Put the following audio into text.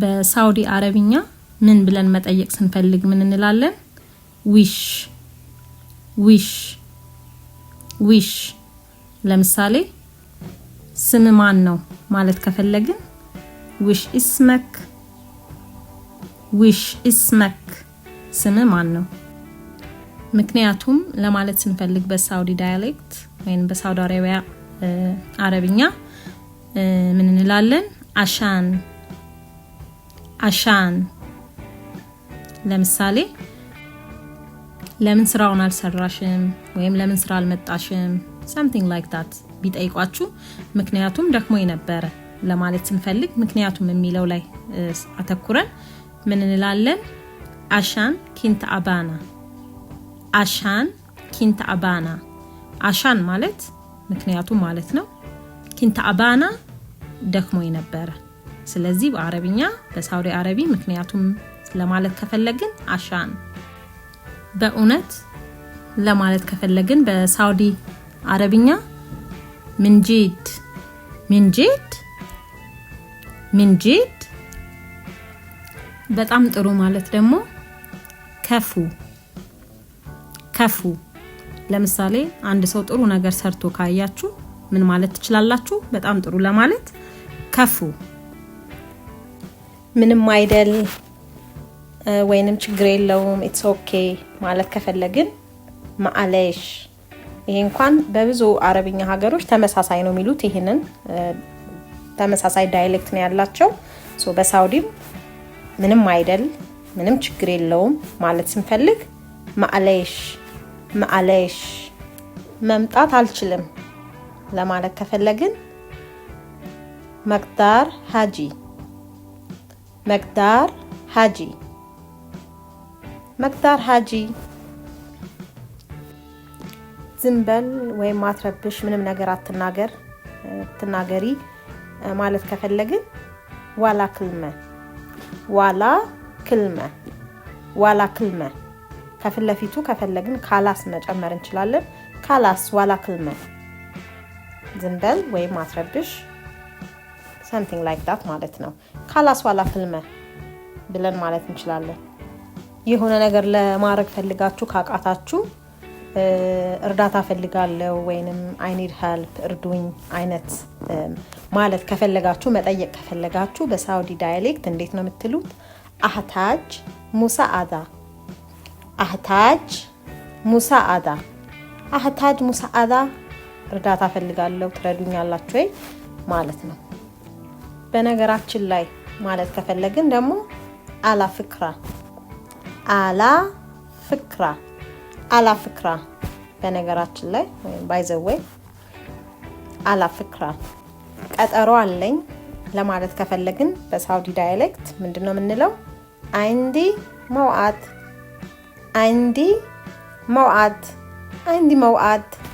በሳውዲ አረብኛ ምን ብለን መጠየቅ ስንፈልግ ምን እንላለን? ዊሽ ዊሽ ዊሽ። ለምሳሌ ስም ማን ነው ማለት ከፈለግን ዊሽ ኢስመክ ዊሽ ኢስመክ፣ ስም ማን ነው? ምክንያቱም ለማለት ስንፈልግ በሳውዲ ዳያሌክት ወይም በሳውዲ አረቢያ አረብኛ ምን እንላለን? አሻን አሻን ለምሳሌ ለምን ስራውን አልሰራሽም ወይም ለምን ስራ አልመጣሽም ሳምቲንግ ላይክ ዳት ቢጠይቋችሁ ምክንያቱም ደክሞ ነበረ ለማለት ስንፈልግ ምክንያቱም የሚለው ላይ አተኩረን ምን እንላለን? አሻን ኪንት አባና፣ አሻን ኪንት አባና። አሻን ማለት ምክንያቱም ማለት ነው። ኪንት አባና ደክሞ ነበረ? ስለዚህ በአረብኛ በሳውዲ አረቢ ምክንያቱም ለማለት ከፈለግን አሻን፣ በእውነት ለማለት ከፈለግን በሳውዲ አረብኛ ምንጂድ፣ ምንጂድ፣ ምንጂድ። በጣም ጥሩ ማለት ደግሞ ከፉ፣ ከፉ። ለምሳሌ አንድ ሰው ጥሩ ነገር ሰርቶ ካያችሁ ምን ማለት ትችላላችሁ? በጣም ጥሩ ለማለት ከፉ ምንም አይደል ወይንም ችግር የለውም ኢትስ ኦኬ ማለት ከፈለግን ማአለሽ ይሄ እንኳን በብዙ አረብኛ ሀገሮች ተመሳሳይ ነው የሚሉት ይህንን ተመሳሳይ ዳይሌክት ነው ያላቸው። በሳውዲም ምንም አይደል ምንም ችግር የለውም ማለት ስንፈልግ ማአለሽ ማአለሽ መምጣት አልችልም ለማለት ከፈለግን መቅዳር ሀጂ መቅዳር ሀጂ መቅዳር ሀጂ ዝንበል ወይም አትረብሽ፣ ምንም ነገር አትናገር ትናገሪ ማለት ከፈለግን ዋላ ክልመ ዋላ ክልመ ዋላ ክልመ ከፊት ለፊቱ ከፈለግን ካላስ መጨመር እንችላለን። ካላስ ዋላ ክልመ ዝም ወይም አትረብሽ ሳምቲንግ ላይክ ዳት ማለት ነው። ካላስዋላ ፍልመ ብለን ማለት እንችላለን። የሆነ ነገር ለማድረግ ፈልጋችሁ ካቃታችሁ እርዳታ ፈልጋለው ወይንም አይኒድ ሄልፕ እርዱኝ አይነት ማለት ከፈለጋችሁ መጠየቅ ከፈለጋችሁ በሳውዲ ዳይሌክት እንዴት ነው የምትሉት? አህታጅ ሙሳ አዳ አህታጅ ሙሳ አዳ አህታጅ ሙሳ አዳ እርዳታ ፈልጋለሁ ትረዱኛላችሁ ወይ ማለት ነው። በነገራችን ላይ ማለት ከፈለግን ደግሞ አላ ፍክራ አላ ፍክራ አላ ፍክራ በነገራችን ላይ ባይዘወይ አላ ፍክራ ቀጠሮ አለኝ ለማለት ከፈለግን በሳውዲ ዳይሌክት ምንድን ነው የምንለው? አይንዲ መውአት አይንዲ መውአት አይንዲ መውዓት